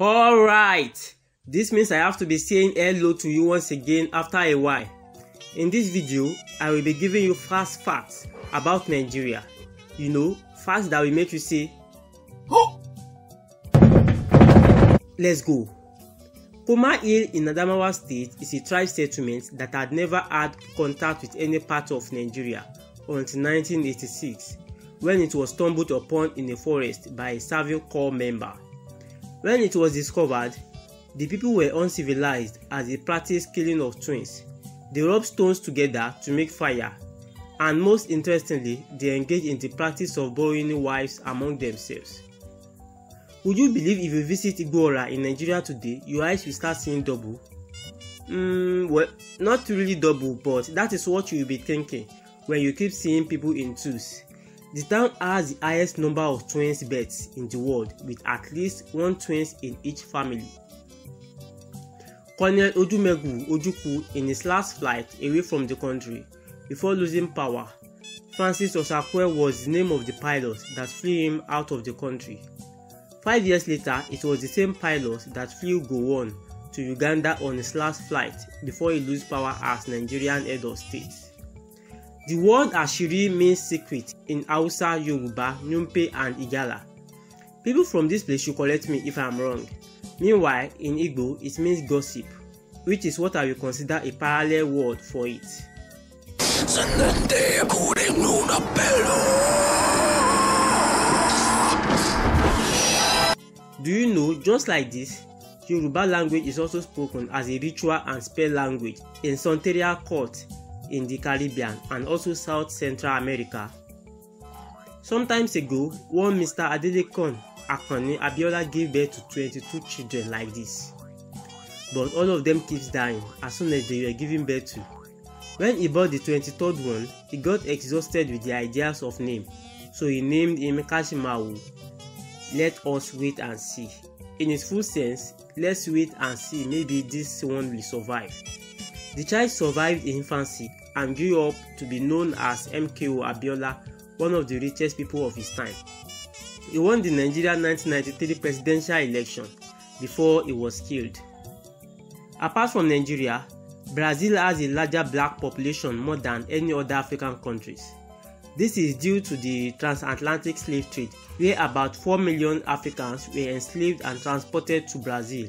All right, this means I have to be saying hello to you once again after a while. In this video, I will be giving you fast facts about Nigeria. You know, facts that will make you say, oh! Let's go. Puma Hill in Adamawa State is a tribe settlement that had never had contact with any part of Nigeria until 1986 when it was stumbled upon in a forest by a serving corps member when it was discovered, the people were uncivilized as they practiced killing of twins. They rubbed stones together to make fire, and most interestingly, they engaged in the practice of borrowing wives among themselves. Would you believe if you visit Igora in Nigeria today, your eyes will start seeing double? Mm, well, not really double, but that is what you will be thinking when you keep seeing people in twos. The town has the highest number of twins births in the world with at least one twins in each family. Colonel Odumegu Ojukwu in his last flight away from the country before losing power, Francis Osakwe was the name of the pilot that flew him out of the country. Five years later, it was the same pilot that flew Gowon to Uganda on his last flight before he lost power as Nigerian head of state. The word Ashiri means secret in Hausa, Yoruba, Numpe and Igala. People from this place should correct me if I am wrong. Meanwhile, in Igbo, it means gossip, which is what I will consider a parallel word for it. Do you know, just like this, Yoruba language is also spoken as a ritual and spell language in Santeria court in the Caribbean and also South Central America. Sometimes ago, one Mr. Adelekon Akane Abiola gave birth to 22 children like this. But all of them keeps dying as soon as they were given birth to. When he bought the 23rd one, he got exhausted with the ideas of name, so he named him Kashimawu. Let us wait and see. In its full sense, let's wait and see maybe this one will survive. The child survived infancy and grew up to be known as MKO Abiola, one of the richest people of his time. He won the Nigeria 1993 presidential election before he was killed. Apart from Nigeria, Brazil has a larger black population more than any other African countries. This is due to the transatlantic slave trade, where about 4 million Africans were enslaved and transported to Brazil.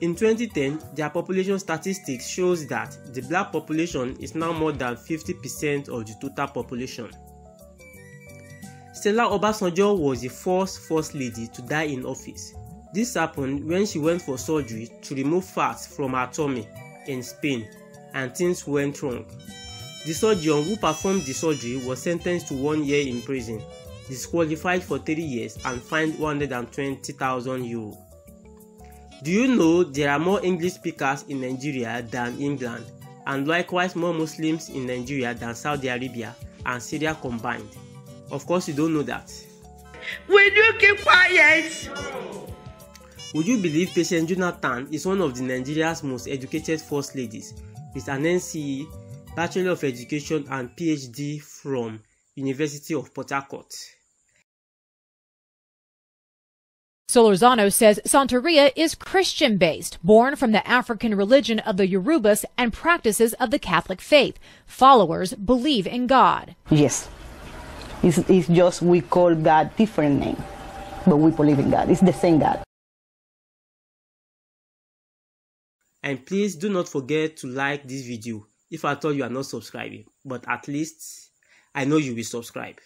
In 2010, their population statistics shows that the black population is now more than 50% of the total population. Stella Obasanjo was the first first lady to die in office. This happened when she went for surgery to remove fat from her tummy in Spain and things went wrong. The surgeon who performed the surgery was sentenced to one year in prison, disqualified for 30 years and fined 120,000 euros. Do you know there are more English speakers in Nigeria than England, and likewise more Muslims in Nigeria than Saudi Arabia and Syria combined? Of course, you don't know that. Will you keep quiet? Would you believe Patient Jonathan is one of the Nigeria's most educated first ladies with an NCE, Bachelor of Education and PhD from University of Port Harcourt? Solorzano says Santeria is Christian based, born from the African religion of the Yorubas and practices of the Catholic faith. Followers believe in God. Yes. It's, it's just we call God different name, but we believe in God. It's the same God. And please do not forget to like this video if at all you are not subscribing, but at least I know you will subscribe.